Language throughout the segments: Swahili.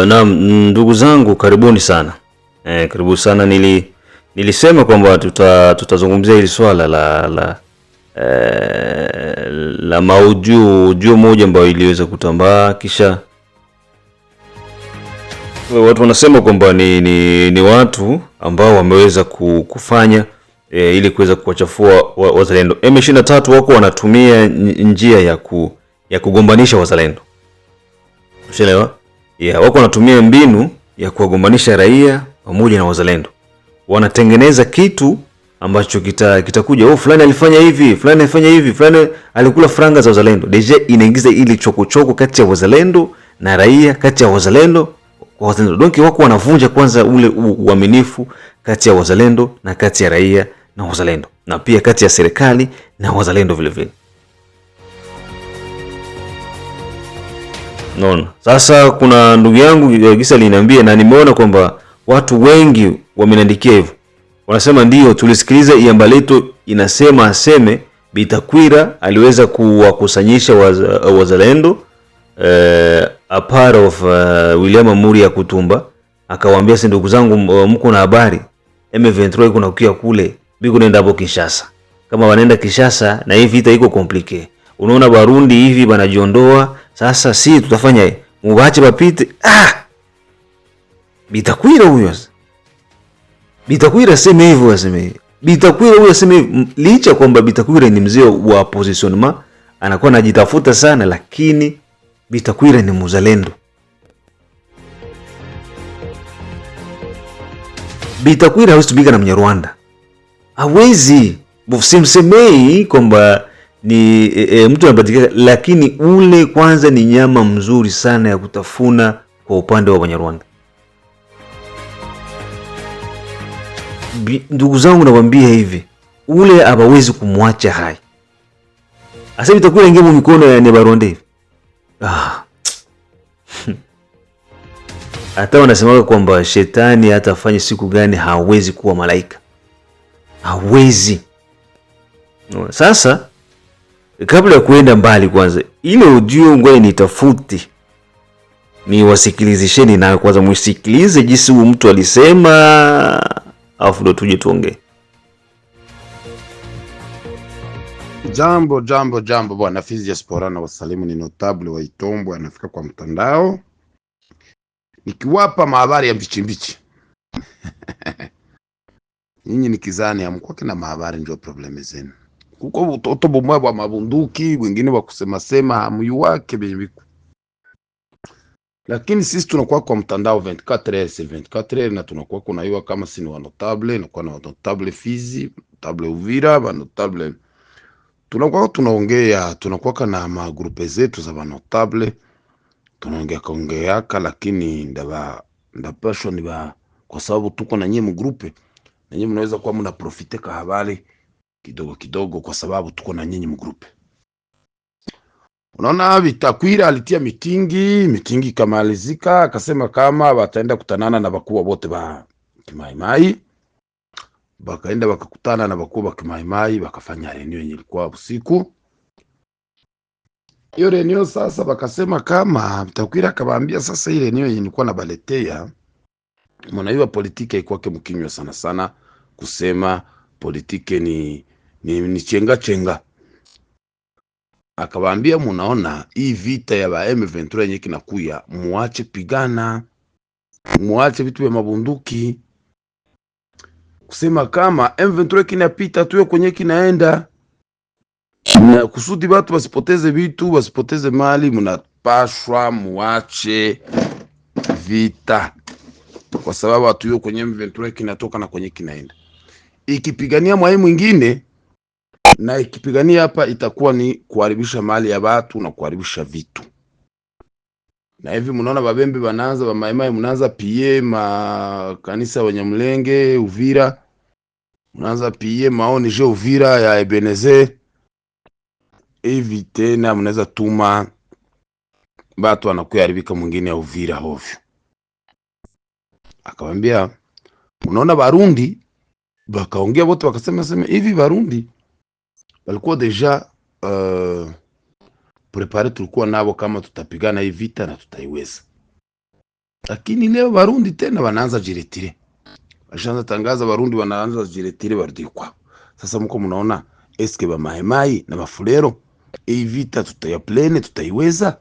Eh, naam, ndugu zangu, karibuni sana e, karibu sana nili, nilisema kwamba tuta, tutazungumzia hili swala la la e, la maujuu juu moja ambayo iliweza kutambaa kisha watu wanasema kwamba ni, ni, ni watu ambao wameweza kufanya e, ili kuweza kuwachafua wazalendo. M23 wako wanatumia njia ya, ku, ya kugombanisha wazalendo, unaelewa? yeah, wako wanatumia mbinu ya kuwagombanisha raia pamoja na wazalendo. Wanatengeneza kitu ambacho kitakuja kita, oh fulani alifanya hivi, fulani alifanya hivi, fulani alikula franga za wazalendo. Deja inaingiza ile chokochoko kati ya wazalendo na raia, kati ya wazalendo kwa wazalendo. Donki wako wanavunja kwanza ule uaminifu kati ya wazalendo na kati ya raia na wazalendo, na pia kati ya serikali na wazalendo vilevile. Unaona? Sasa kuna ndugu yangu eh, Gisa aliniambia na nimeona kwamba watu wengi wameniandikia hivyo. Wanasema ndio tulisikiliza Iambaleto inasema aseme Bitakwira aliweza kuwakusanyisha eh, wazalendo uh, a part of uh, William Amuri ya Kutumba akawaambia, si ndugu zangu, mko na habari M23 iko nakukia kule biko nenda hapo Kinshasa. Kama wanaenda Kinshasa na hii vita iko complicated. Unaona Barundi hivi wanajiondoa, sasa si tutafanya mubache bapite. Ah! Bitakwira huyo sasa. Bitakwira sema hivyo aseme. Bitakwira huyo aseme licha kwamba Bitakwira ni mzee wa position ma anakuwa anajitafuta sana lakini Bitakwira ni muzalendo. Bitakwira hawezi tupika na Mnyarwanda. Hawezi. Msemei kwamba ni e, e, mtu anapatikana, lakini ule kwanza ni nyama mzuri sana ya kutafuna kwa upande wa Wanyarwanda. Ndugu zangu, nakwambia hivi, ule hawawezi kumwacha hai asa, itakuwa ingia mu mikono ya Nyabaronde hivi ah. hata wanasemaga kwamba shetani hata afanye siku gani hawezi kuwa malaika, hawezi. Sasa kabla ya kuenda mbali, kwanza ile ujio ngoja nitafuti ni wasikilizisheni na kwanza msikilize jinsi huyu mtu alisema, afu ndo tuje tuongee. Jambo, jambo, jambo bwana Fizias na wasalimu ni notable wa Itombwe, anafika kwa mtandao nikiwapa mahabari ya mbichi ninyi nyinyi nikizani amkwake na mahabari ndio problemi zenu kuko butoto bumwe bwa mabunduki wengine wakusemasema hamuyu wake benye lakini sisi tunakuwa kwa mtandao 24 s 24 na tunakuwa kuna hiyo kama si ni wanotable na kwa wanotable Fizi, notable Uvira, wanotable tunakuwa tunaongea, tunakuwa kana ma groupe zetu za wanotable tunaongea kongeaka, lakini ndaba ndapasho ni ba kwa sababu tuko na nyinyi mu na nyinyi mnaweza kuwa mnaprofite ka habari kidogo kidogo, kwa sababu tuko na nyinyi mgrupe. Unaona, Vitakwira alitia mitingi, mitingi ikamalizika, akasema kama wataenda kutanana na wakubwa wote ba Kimaimai. Bakaenda wakakutana na wakubwa Kimaimai, wakafanya renio yenye ilikuwa usiku. Hiyo renio sasa, bakasema kama Vitakwira akawaambia sasa, ile renio yenye ilikuwa na baletea mwanaiwa politike ikwake mkinywa sana sana kusema politike ni ni, ni chenga chenga. Akawaambia, munaona hii vita ya ba M23 yenye kinakuya, muache pigana, muache vitu vya mabunduki, kusema kama M23 kinapita tuwe kwenye kinaenda na kusudi watu wasipoteze vitu wasipoteze mali, mnapashwa muache vita, kwa sababu hatuyo kwenye M23 kinatoka na kwenye kinaenda, ikipigania mwai mwingine na ikipigania hapa itakuwa ni kuharibisha mali ya watu na kuharibisha vitu. Na hivi mnaona babembe wanaanza ba maimai mnaanza pie wenye mlenge Uvira, mnaanza pie maoni je Uvira ya Ebenezer Hivi tena mnaweza tuma batu wanakuya mwingine ya Uvira hovyo. Akamwambia, unaona Barundi bakaongea wote wakasema sema hivi Barundi walikuwa deja uh, prepare, tulikuwa nabo kama tutapigana hii vita na tutaiweza, lakini leo Warundi tena wanaanza jiretire, washaanza tangaza Warundi wanaanza jiretire, warudi kwao. Sasa mko mnaona eske ba mahemai na mafulero hii vita tutaya tutayaplene, tutaiweza?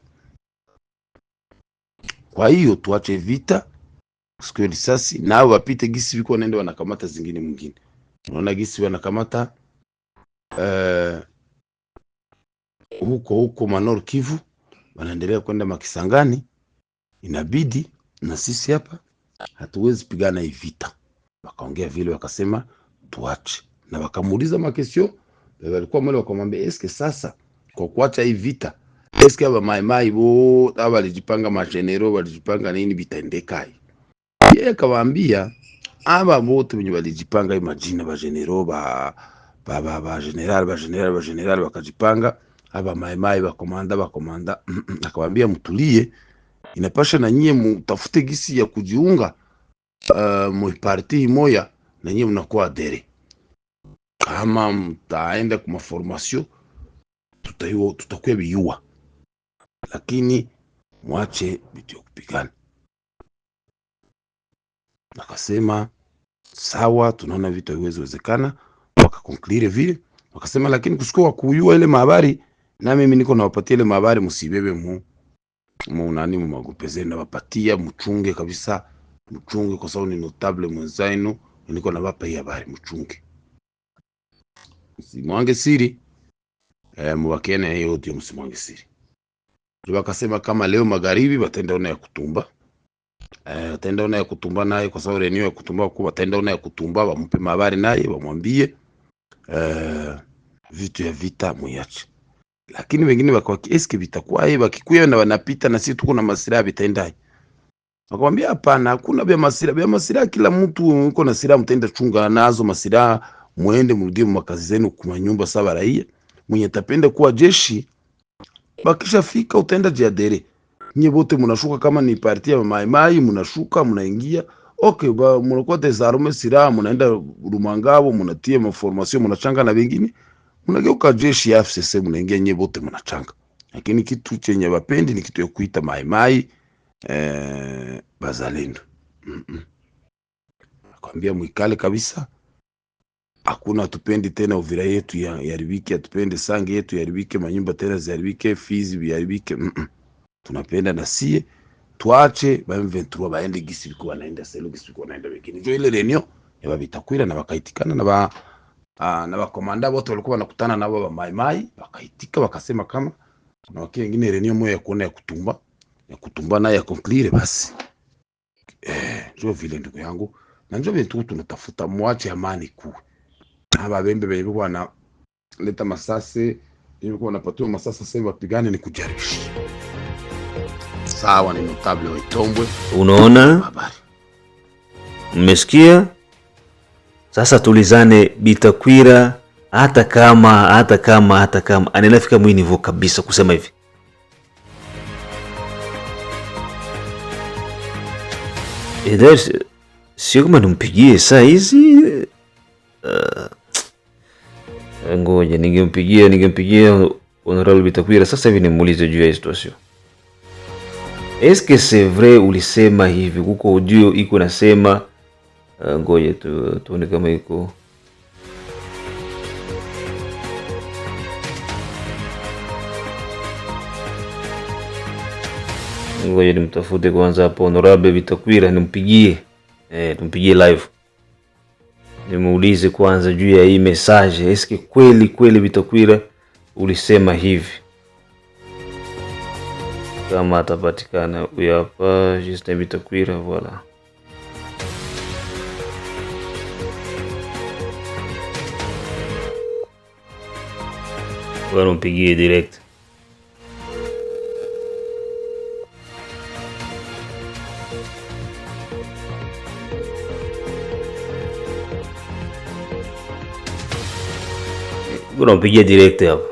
Kwa hiyo tuache vita sikio risasi nao wapite gisi viko nende wanakamata zingine mwingine, unaona gisi wanakamata eh, huko huko Manor Kivu wanaendelea kwenda makisangani. Inabidi na sisi hapa hatuwezi pigana hii vita. Wakaongea vile, wakasema tuache, na wakamuuliza makesio eh, walikuwa mle, wakamwambia eske sasa kwa kuacha hii vita eske aba maimai wote aba walijipanga, majenero walijipanga nini, vitaendekai? Yeye akawaambia aba wote wenye walijipanga hii majina ba jenero ba ba ba general ba general ba general wakajipanga, aba maimai ba komanda ba komanda mtulie, inapasha na nyie mutafute gisi ya kujiunga uh, muparti moya na nyie mnakuwa dere Kama mtaenda kwa formation tutakuwa biua lakini mwache vitu kupigana. Akasema sawa, tunaona vitu haiwezi wezekana conclure vile, wakasema lakini kusiko wa kuyua ile mahabari, na mimi niko nawapatia ile mahabari, musibebe mu mu nani mu magupe zenu, nawapatia mchunge kabisa, mchunge kwa sababu ni notable mwenzainu niko nawapa hii habari, mchunge msimwange siri eh, mwakene hiyo ndio msimwange siri. Wakasema kama leo magharibi wataenda ona ya kutumba eh, wataenda ona ya kutumba naye, kwa sababu renio ya kutumba kwa wataenda ona ya kutumba, wampe mahabari naye wamwambie Eh, vitu ya vita muyache, lakini wengine wakawaki eske vitakuwa wakikuya na wanapita na sisi tuko na masiraha vitaendaje? Wakamwambia hapana, hakuna vya masiraha. Vya masiraha kila mtu uko na silaha, mtaenda chunga nazo masiraha, muende mrudie makazi zenu kwa nyumba saba raia. Mwenye tapenda kuwa jeshi bakisha fika utaenda jiadere. Nye bote munashuka kama ni parti ya maimai munashuka munaingia Okay, ba munakuwa desarme silaha, munaenda Rumangabo, munatia maformasio, munachanga na bengine, munageuka jeshi ya FCC, munaingia nye bote munachanga. Lakini kitu chenye wapendi ni kitu ya kuita mai maimai eh, bazalendo mm -mm. Akwambia mwikale kabisa, hakuna tupendi tena Uvira yetu ya yaribike, hatupendi Sange yetu yaribike, manyumba tena ziharibike, Fizi yaribike mm -mm. Tunapenda na sie tuache ba M23 baende gisi biko wanaenda selo gisi biko wanaenda wengine jo ile renio ya babitakwira na bakaitikana na ba uh, na ba komanda bote walikuwa nakutana nabo ba mai mai bakaitika bakasema kama na wakati wengine renio moyo ya kuona ya kutumba ya kutumba na ya conclure basi eh jo vile ndugu yangu na njo vile tu tunatafuta mwache amani kuwe na bembe benye na leta masasi ni ilikuwa wanapatiwa masasa sasa hivi wapigane ni kujaribisha sawa. Ni Notable Waitombwe. Unaona, mmesikia? Sasa tulizane Bitakwira, hata kama hata kama hata kama anenafika mwinivo kabisa kusema hivi eh, sio kama nimpigie saa hizi uh, ngoja ningempigia ningempigia Honorable Bitakwira sasa hivi nimuulize juu ya hii situation. Eske c'est vrai ulisema hivi? Kuko audio iko nasema, euh, ngoje tu tuone kama iko Ngoja nimtafute kwanza hapo Honorable Bitakwira nimpigie, eh, tumpigie live nimuulize kwanza juu ya hii message, eske kweli kweli Bitakwira ulisema hivi? kama atapatikana huyo hapa Justin Bitakwira voilà. Bora mpigie direct. Bora mpigie direct hapo.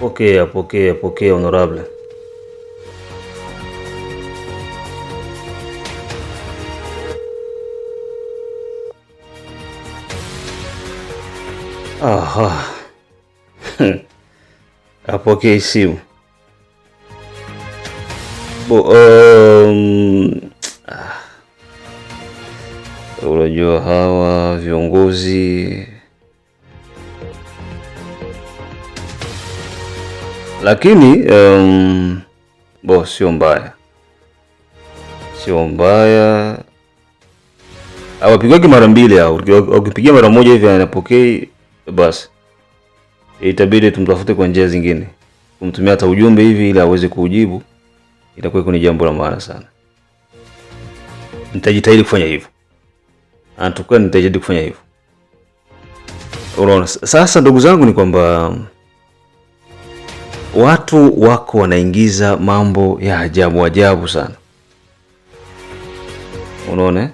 Pokea, pokea, pokea honorable. Aha. Apokee simu. Bo, um, ah. Unajua hawa viongozi lakini um, bo sio mbaya, sio mbaya. Awapigwake mara mbili au ukipigia mara moja hivi anapokei, basi itabidi tumtafute kwa njia zingine, kumtumia hata ujumbe hivi ili aweze kuujibu. Itakuwa ni jambo la maana sana. Nitajitahidi kufanya hivyo, anatukua, nitajitahidi kufanya hivyo. Unaona sasa, ndugu zangu, ni kwamba watu wako wanaingiza mambo ya ajabu ajabu sana, unaona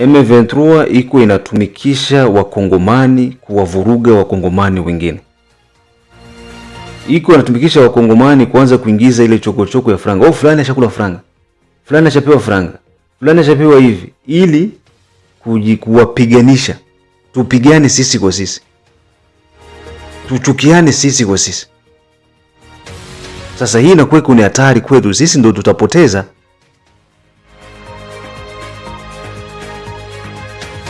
M23 iko inatumikisha wakongomani kuwavuruga wakongomani wengine, iko inatumikisha wakongomani kuanza kuingiza ile chokochoko ya franga. Oh, fulani ashakula franga, fulani ashapewa franga, fulani ashapewa hivi, ili kuwapiganisha. Tupigane sisi kwa sisi, tuchukiane sisi kwa sisi. Sasa hii inakuwa ni hatari kwetu sisi, ndo tutapoteza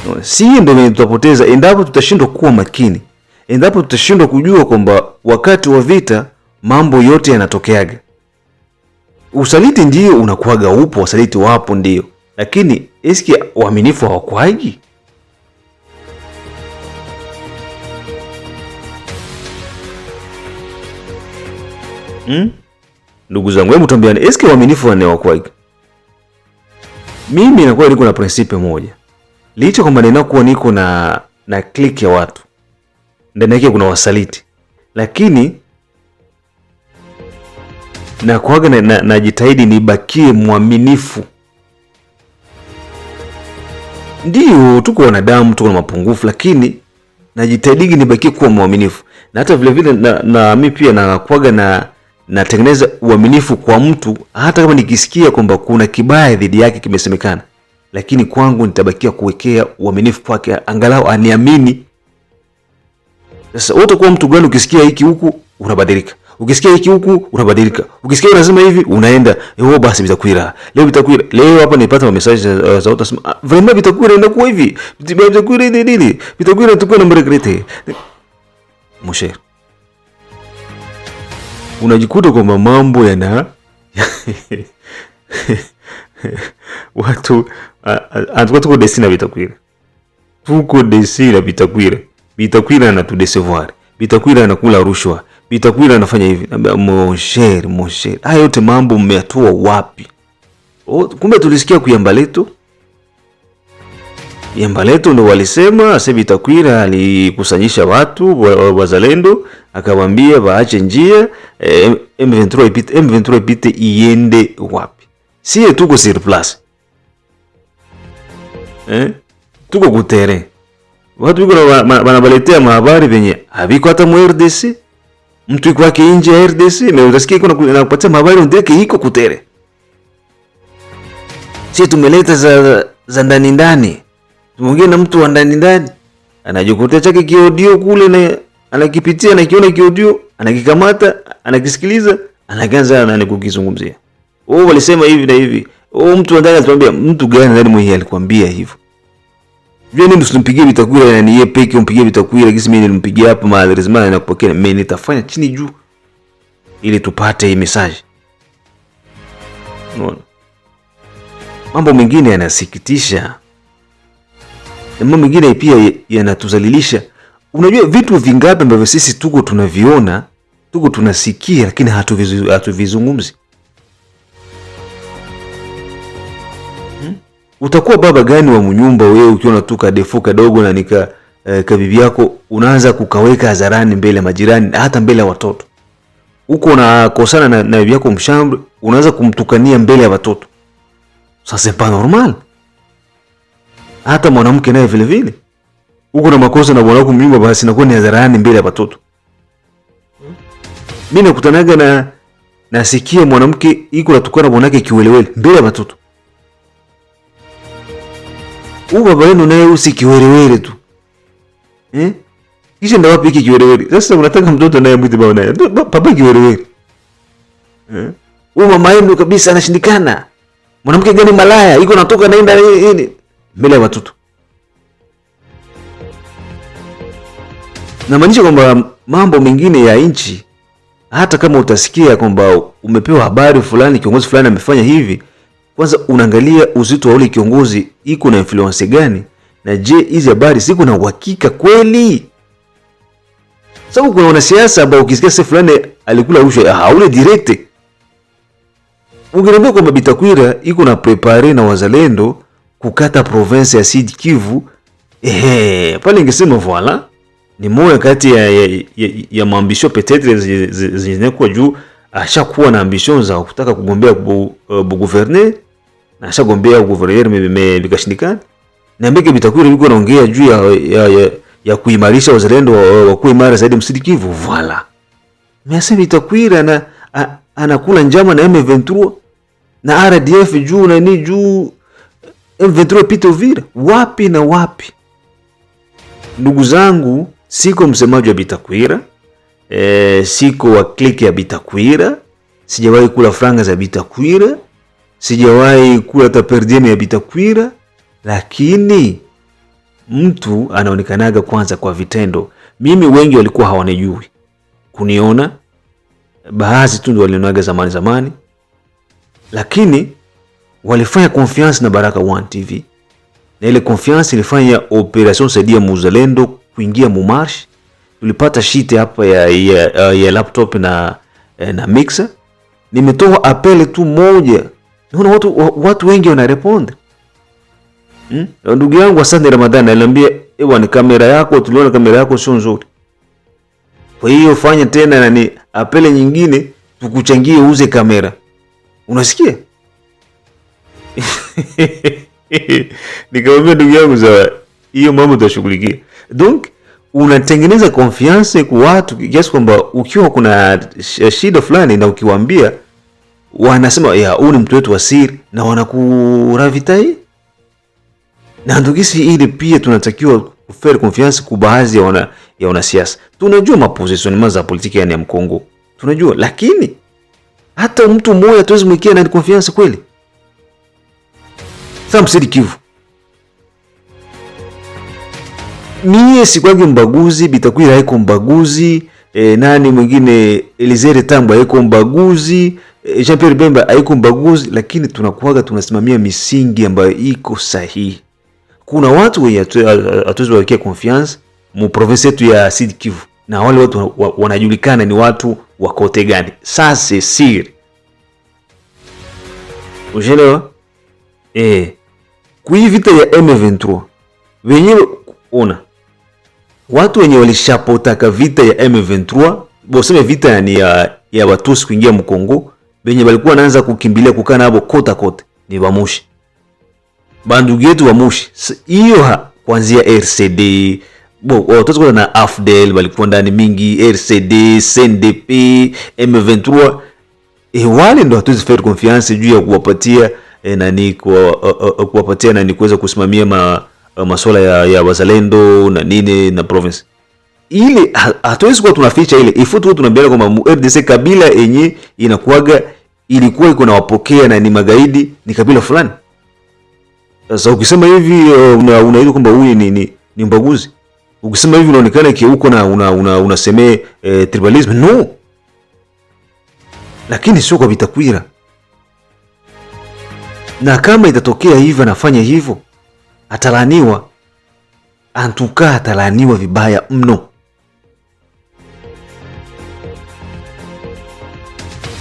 no, si hii ndo ni tutapoteza endapo tutashindwa kuwa makini, endapo tutashindwa kujua kwamba wakati wa vita mambo yote yanatokeaga. Usaliti ndio unakuwaga upo, wasaliti wapo ndio, lakini eski waaminifu wa Hmm? Ndugu zangu hebu tuambiane, eske waaminifu wanaokuwaga. Mimi nakuwa niko na prinsipe moja. Licha kwamba kuwa niko na na click ya watu. Ndani yake kuna wasaliti. Lakini na kuaga na najitahidi nibakie mwaminifu. Ndiyo, tuko wanadamu, tuko na mapungufu, lakini najitahidi nibakie kuwa mwaminifu. Na hata vile vile na, na mimi pia nakuaga na natengeneza uaminifu kwa mtu, hata kama nikisikia kwamba kuna kibaya dhidi yake kimesemekana, lakini kwangu nitabakia kuwekea uaminifu kwake, angalau aniamini. Sasa wote kwa mtu gani? Ukisikia hiki huku unabadilika, ukisikia hiki huku unabadilika, ukisikia unasema hivi unaenda hiyo, basi Bitakwira leo, Bitakwira leo. Hapa nipata ma message uh, za watu wasema ah, vrema, Bitakwira enda kwa hivi, Bitakwira nini nini, Bitakwira tukio na mbere mregrete mshe unajikuta kwamba mambo yana watu antuka tuko desi na Bitakwira, tuko desi na Bitakwira. Bitakwira anatudecevoir, Bitakwira anakula rushwa, Bitakwira anafanya hivi. Mosher, mosher, haya yote mambo mmeatoa wapi? O, kumbe tulisikia kuyamba letu Yambaleto ndo walisema Sebi Takwira alikusanyisha watu wazalendo akawambia waache njia eh, M23 ipite, M23 ipite iende wapi? Sie tuko sur eh? Tuko kutere watu iko wanabaletea mahabari venye haviko hata mu RDC, mtu iko wake nje ya RDC me utasikia iko nakupatia mahabari ndeke iko kutere. Sie tumeleta za, za ndani ndani mwingine mtu wa ndani ndani anajikuta chake kiaudio kule na anakipitia anakiona kiaudio anakikamata anakisikiliza anaanza na kukizungumzia. Wao oh, walisema hivi na hivi. Wao oh, mtu wa ndani anatuambia mtu gani ndani mwenyewe alikwambia hivyo. Vile nini usimpigie Bitakwira na ni yeye peke umpigie Bitakwira kisi mimi nilimpigia hapa Maharizmani na kupokea mimi nitafanya chini juu ili tupate hii message. Unaona? Mambo mengine yanasikitisha na mambo mengine pia yanatuzalilisha. Unajua vitu vingapi ambavyo sisi tuko tunaviona, tuko tunasikia, lakini hatuvizungumzi. Hmm? Utakuwa baba gani wa mnyumba wewe ukiona tu kadefu kadogo na nika eh, kabibi yako unaanza kukaweka hadharani mbele ya majirani hata mbele ya watoto. Huko unakosana na, na bibi yako mshambwe unaanza kumtukania mbele ya watoto. Sasa c'est pas normal hata mwanamke naye vile vile uko na makosa na bwana wako mimba, basi nakuwa ni hadharani mbele ya watoto. Hmm? Mimi nakutanaga na nasikia mwanamke iko natukana bwana wake kiwelewele mbele ya watoto. Huyu baba yenu naye usi kiwelewele tu eh, kisha ndio wapi hiki kiwelewele sasa? Unataka mtoto naye mwite baba naye baba kiwelewele eh? Hmm? Huyu mama yenu kabisa anashindikana. Mwanamke gani malaya iko natoka naenda nini? mbele ya watoto. Namaanisha kwamba mambo mengine ya nchi, hata kama utasikia kwamba umepewa habari fulani, kiongozi fulani amefanya hivi, kwanza unaangalia uzito wa ule kiongozi, iko na influence gani, na je, hizi habari ziko na uhakika kweli? Sababu kuna wanasiasa ambao ukisikia sasa fulani alikula rushwa, ah, ule direct. Ungeniambia kwamba Bitakwira iko na prepare na wazalendo kukata province ya Sud Kivu. Ehe, pale ningesema voila ni moja kati ya, ya, ya, ya maambisho petetre zinekuwa juu ashakuwa na ambisho za kutaka kugombea bu, uh, bu gouverneur na ashagombea gouverneur vikashindikana, na mbeke bitakwira biko naongea juu ya, ya, ya, ya kuimarisha uzalendo wa, wa kuwa zaidi msidi Kivu voila. Miasa bitakwira na anakula njama na M23 na RDF juu na ni juu Elvedro Pita Uvira, wapi na wapi. Ndugu zangu, siko msemaji wa Bitakwira e, siko wa kliki ya Bitakwira, sijawahi kula franga za Bitakwira, sijawahi kula hata ya Bitakwira, lakini mtu anaonekanaga kwanza kwa vitendo. Mimi wengi walikuwa hawanijui kuniona, baadhi tu ndio walionaga zamani zamani, lakini walifanya confiance na Baraka One TV na ile confiance ilifanya operation saidia muzalendo kuingia mumarsh. Tulipata shite hapa ya, ya, ya laptop na, eh, na mixer. Nimetoa apele tu moja, naona watu, watu wengi wanarespond hmm? Ndugu yangu asante Ramadhani aliniambia ewa, ni kamera yako, tuliona kamera yako sio nzuri, kwa hiyo fanya tena nani apele nyingine tukuchangie, uze kamera, unasikia nikamwambia ndugu yangu, za hiyo mambo tutashughulikia. donk unatengeneza confiance kwa watu kiasi kwamba ukiwa kuna shida fulani na ukiwambia wanasema ya huu ni mtu wetu wa siri, na wanakuravitai na ndugisi. Ili pia tunatakiwa kufere confiance kwa baadhi ya wana ya wanasiasa. Tunajua maposition maza za politiki yani ya Mkongo tunajua, lakini hata mtu mmoja tuwezi mwikia na confiance kweli? Sasa Kivu mie sikwangi mbaguzi, Bitakwira haiko mbaguzi e, nani mwingine Elizere Tambwe haiko mbaguzi e, Jean Pierre Bemba haiko mbaguzi, lakini tunakuaga tunasimamia misingi ambayo iko sahihi. Kuna watu wenye hatuwezi wawekia confiance mu province yetu ya Sud Kivu, na wale watu wanajulikana ni watu wa kote gani. Sasa siri ushelewa eh kui vita ya M23 wenyewe ona watu wenye walishapotaka vita ya M23 boseme vita ni ya, ya Watusi kuingia Mkongo, benye balikuwa naanza kukimbilia kukana abo kota kote ni Wamushi, bandugu yetu Wamushi hiyo kuanzia RCD bo watoto na AFDL walikuwa ndani mingi RCD, CNDP, M23 e wale ndo hatuwezi faire confiance juu ya kuwapatia e, eh, nani eh, eh, kuwapatia nani kuweza kusimamia ma, masuala ya, ya wazalendo na nini na province ile hatuwezi kuwa tunaficha ile ifu tu tunaambia kwamba RDC kabila yenye inakuaga ilikuwa iko nawapokea na ni magaidi ni kabila fulani. Sasa ukisema hivi una, unaona kwamba huyu ni, ni, ni mbaguzi. Ukisema hivi unaonekana uko na una, una, unasemea eh, tribalism no, lakini sio kwa vitakwira na kama itatokea hivyo anafanya hivyo, atalaniwa antuka, atalaniwa vibaya mno.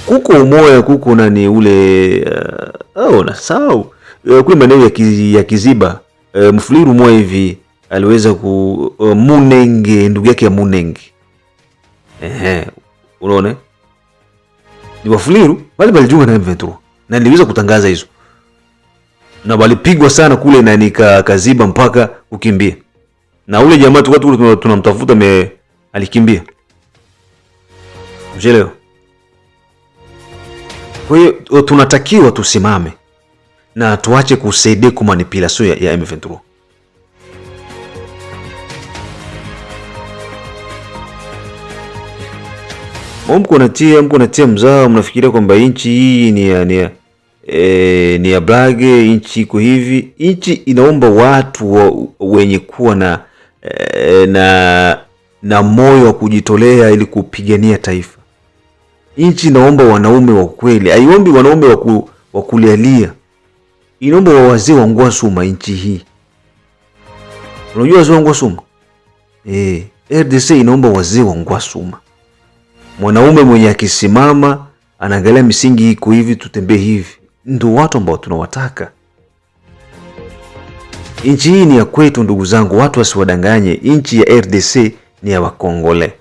Kuko umoya kuko nani ule uh, nasahau uh, kule maeneo ya, kiz, ya Kiziba uh, eh, mfuliru moya hivi aliweza ku uh, Munenge, ndugu yake ya Munenge, ehe, unaona ni wafuliru bali walijunga na M23 na niliweza kutangaza hizo na walipigwa sana kule na nikaziba mpaka kukimbia, na ule jamaa tulikuwa tunamtafuta me alikimbia, mshelewa. Kwa hiyo tunatakiwa tusimame na tuache kusaidia kumanipilasio ya M23. Mko natia mko natia mzao, mnafikiria kwamba inchi hii ni, ni e, ni abrage nchi iko hivi. Nchi inaomba watu wa, wenye kuwa na, e, na na moyo wa kujitolea ili kupigania taifa. Nchi inaomba wanaume wa kweli, haiombi wanaume wa kulialia, inaomba wa wazee wa Ngwasuma nchi hii. Unajua wazee wa Ngwasuma eh, RDC inaomba wazee wa Ngwasuma, mwanaume mwenye akisimama anaangalia misingi iko hivi, tutembee hivi ndio watu ambao tunawataka. Nchi hii ni ya kwetu, ndugu zangu, watu wasiwadanganye. Nchi ya RDC ni ya Wakongole.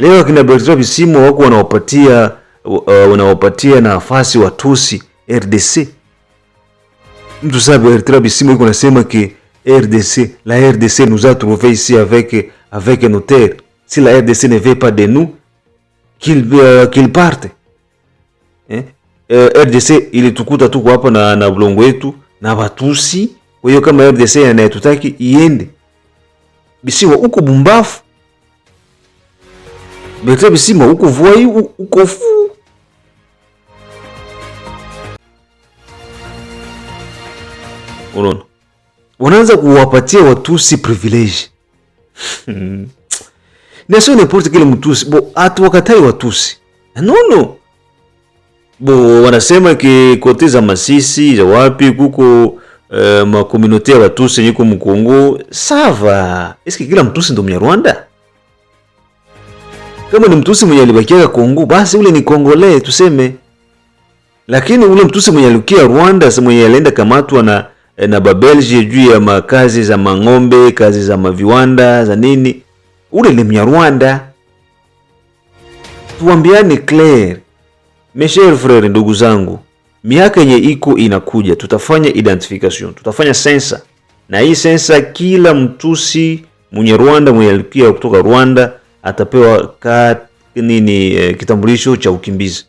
Leo akina Bertrand Bisimwa wako wanawapatia uh, wanawapatia nafasi watusi RDC. Mtu sabe Bertrand Bisimwa yuko nasema ki RDC la RDC nous a trouvé ici avec avec nos terres. Si la RDC ne veut pas de nous qu'il uh, qu'il parte. Eh? eh, RDC ilitukuta tuko hapa na na blongo wetu na Batusi. Kwa hiyo kama RDC anayetutaki iende Bisiwa huko Bumbafu, Bertrand Bisimwa huko Voi, huko Fu unaona, wanaanza kuwapatia Watusi privilege hmm. na sio n'importe kile mtusi bo, atu wakatai Watusi no no Bo wanasema ke kote za Masisi za wapi kuko uh, makomunote ya Batusi yenye ko Mkongo sava. Eske kila mtusi ndo Rwanda? Kama ni mtusi mwenye alibakia Kongo, basi ule ni Kongole tuseme. Lakini ule mtusi mwenye alikia Rwanda, si mwenye alienda kamatwa na eh, na Babelge juu ya makazi za mang'ombe, kazi za maviwanda za nini, ule ni Mnyarwanda. Tuambiane Claire Mesher frere, ndugu zangu, miaka yenye iko inakuja, tutafanya identification, tutafanya sensa, na hii sensa, kila mtusi mwenye Rwanda mwenye alikia kutoka Rwanda atapewa ka, nini eh, kitambulisho cha ukimbizi,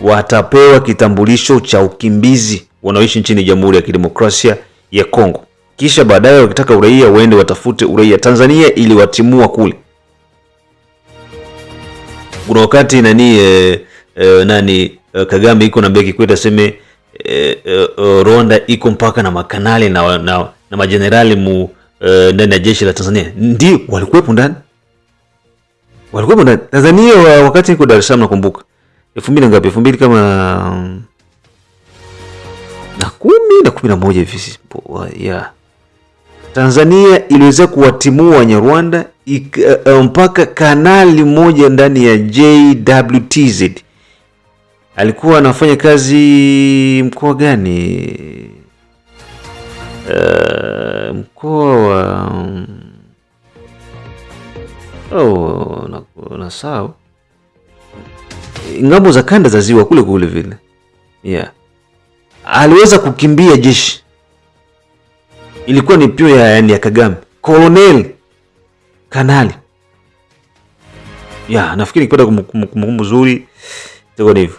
watapewa kitambulisho cha ukimbizi wanaoishi nchini Jamhuri ya Kidemokrasia ya Kongo, kisha baadaye wakitaka uraia waende watafute uraia Tanzania ili watimua kule kuna wakati nani e, e, nani e, Kagame iko na beki kwetu aseme e, e, Rwanda iko mpaka na makanali na, na, na majenerali mu e, ndani ya jeshi la Tanzania. Ndio walikuwepo ndani, walikuwepo ndani Tanzania wakati iko Dar es Salaam, nakumbuka elfu mbili ngapi, elfu mbili kama na kumi na kumi na moja hivi yeah Tanzania iliweza kuwatimua Wanyarwanda eh, eh, mpaka kanali moja ndani ya JWTZ alikuwa anafanya kazi mkoa gani? Uh, mkoa wa mm, oh, na, na sawa ngambo za kanda za ziwa kule kule vile, yeah, aliweza kukimbia jeshi ilikuwa ni pio ya, yani ya Kagame colonel kanali ya nafikiri nikipata kumbukumbu nzuri itakuwa ni hivyo.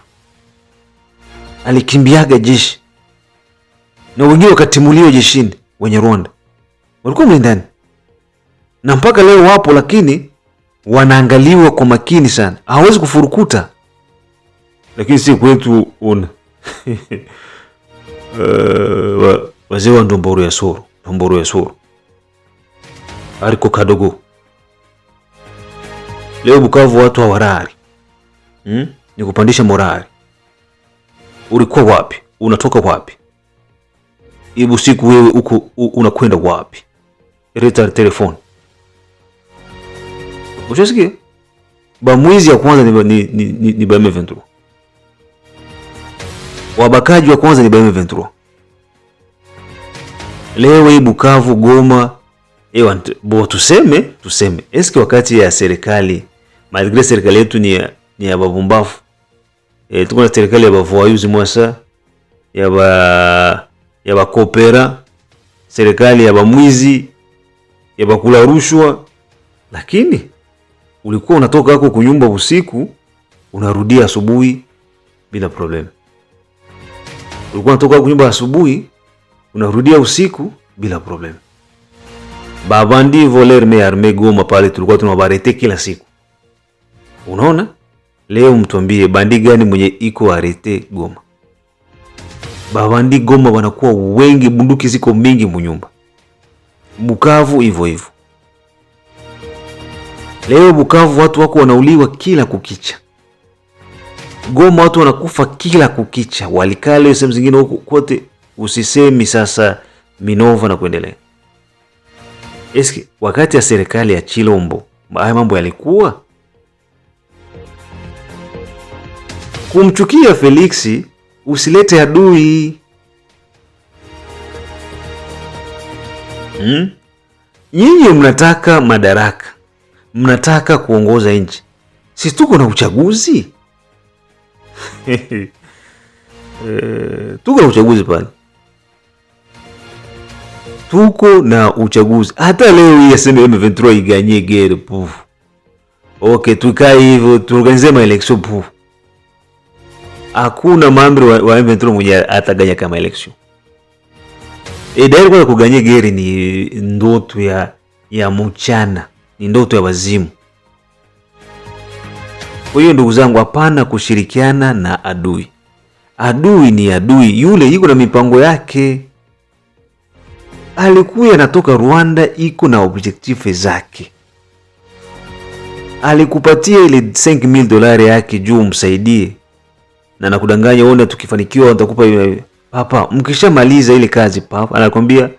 Alikimbiaga jeshi na wengine wakatimuliwa jeshini, wenye Rwanda walikuwa mli ndani na mpaka leo wapo, lakini wanaangaliwa kwa makini sana, hawezi kufurukuta. Lakini si kwetu una uh, wazee wa ndomboro ya soro Mburuesu ariko kadogo leo Bukavu watu hawarari hmm? Ni kupandisha morari Ulikuwa wapi? Unatoka wapi? Ibu siku wewe uko unakwenda wapi? Reta telefoni ushasikia bamwizi ya kwanza ni, ni, ni, ni, ni ba ventura wabakaji wa kwanza ni ba ventura leo hii Bukavu, Goma, ewa eh, bo, tuseme tuseme, eske wakati ya serikali maligre serikali yetu ni ya, ni ya babumbafu e, tuko na serikali ya bavoyuzi mwasa ya ba ya bakopera serikali ya bamwizi ya bakula rushwa, lakini ulikuwa unatoka hako kunyumba usiku unarudia asubuhi bila problem. Ulikuwa unatoka hako kunyumba asubuhi unarudia usiku bila problem. Babandi voler me arme Goma pale tulikuwa tunawabarete kila siku. Unaona? Leo mtuambie bandi gani mwenye iko arete Goma? Babandi Goma wanakuwa wengi, bunduki ziko mingi munyumba. Bukavu hivyo hivyo. Leo Bukavu watu wako wanauliwa kila kukicha. Goma watu wanakufa kila kukicha. Walikale sehemu zingine huko kote usisemi sasa Minova na kuendelea. Eski wakati ya serikali ya Chilombo haya mambo yalikuwa kumchukia Feliksi, usilete adui hmm? Nyinyi mnataka madaraka, mnataka kuongoza nchi, si tuko na uchaguzi? E, tuko na uchaguzi pale tuko na uchaguzi. Hata leo hii aseme M23 iganye gere puf. Okay, tukae hivyo tuorganize ma election puf. Hakuna mambo wa, wa M23 mwenye ataganya kama election. E, dairi kwa kuganye gere ni ndoto ya ya mchana, ni ndoto ya wazimu. Kwa hiyo ndugu zangu, hapana kushirikiana na adui. Adui ni adui, yule yuko na mipango yake alikuwa anatoka Rwanda, iko na objective zake. Alikupatia ile 5000 dolari yake juu umsaidie, na nakudanganya wewe, tukifanikiwa nitakupa hiyo papa. Mkishamaliza ile kazi papa, anakwambia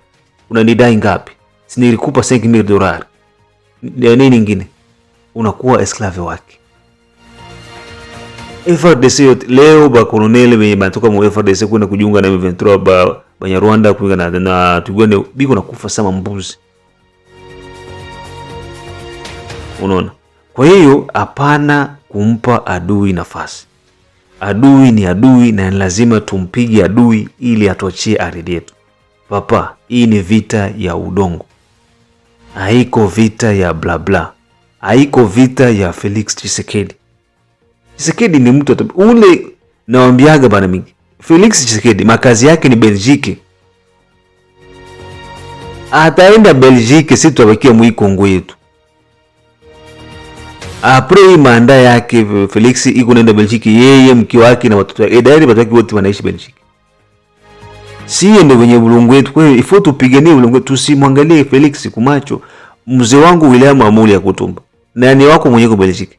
unanidai ngapi? Si nilikupa 5000 dolari ya nini nyingine? Unakuwa esklave wake. FRDC leo ba colonel wenye banatoka mu FRDC kwenda kujiunga na M23 ba Banyarwanda kuinga na, na Tugande biko nakufa sama mbuzi, unaona. Kwa hiyo hapana kumpa adui nafasi. Adui ni adui na ni lazima tumpige adui ili atuachie ardhi yetu. Papa, hii ni vita ya udongo, haiko vita ya bla bla, haiko vita ya Felix Tshisekedi. Tshisekedi ni mtu ule, nawambiaga bana mingi Felix Tshisekedi makazi yake ni Belgique, ataenda Belgique, si tutabakia mwi Kongo yetu. Apre hii manda yake Felix iko nenda Belgique, yeye mke wake na watoto wake edari, watoto wake wote wanaishi Belgique. Siye ndio wenye ulungu wetu, kwa hiyo ifo tupiganie ulungu wetu, tusimwangalie Felix kumacho. Mzee wangu William Amuli ya Kutumba, nani wako mwenye ko Belgique,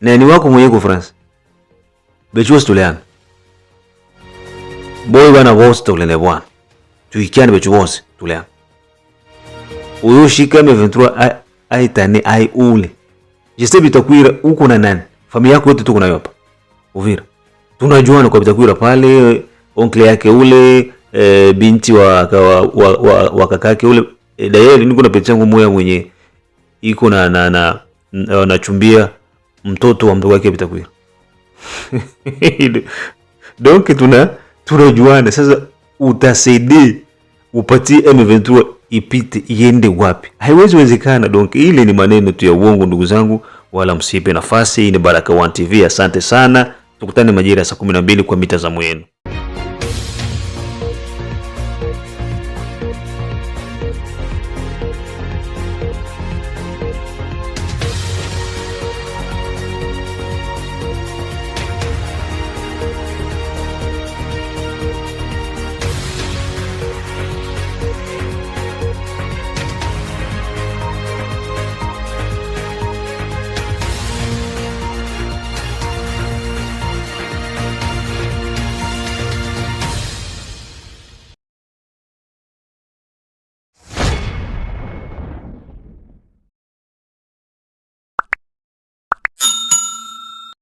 nani wako mwenye ko France, bechuo situleana boyi bana tu tolende bwana tuikyane bechu bonse lea uyo shika me ventura 23 aitane ai ule jese bitakwira uko na nani familia yako yote tuko nayo hapa Uvira tunajuana kwa bitakwira pale onkle yake ule e, binti wa, wa, wa, wa, wa kaka yake ule eh, e, dayeli niko na pete yangu moya mwenye iko na na na nachumbia mtoto wa mdogo wake bitakwira donc tuna tunajuana sasa, utasaidia upatie M23 ipite iende wapi? Haiwezi wezekana. Donc ile ni maneno tu ya uongo ndugu zangu, wala msipe nafasi. Hii ni Baraka1 TV, asante sana, tukutane majira ya saa 12 kwa mitazamo yenu.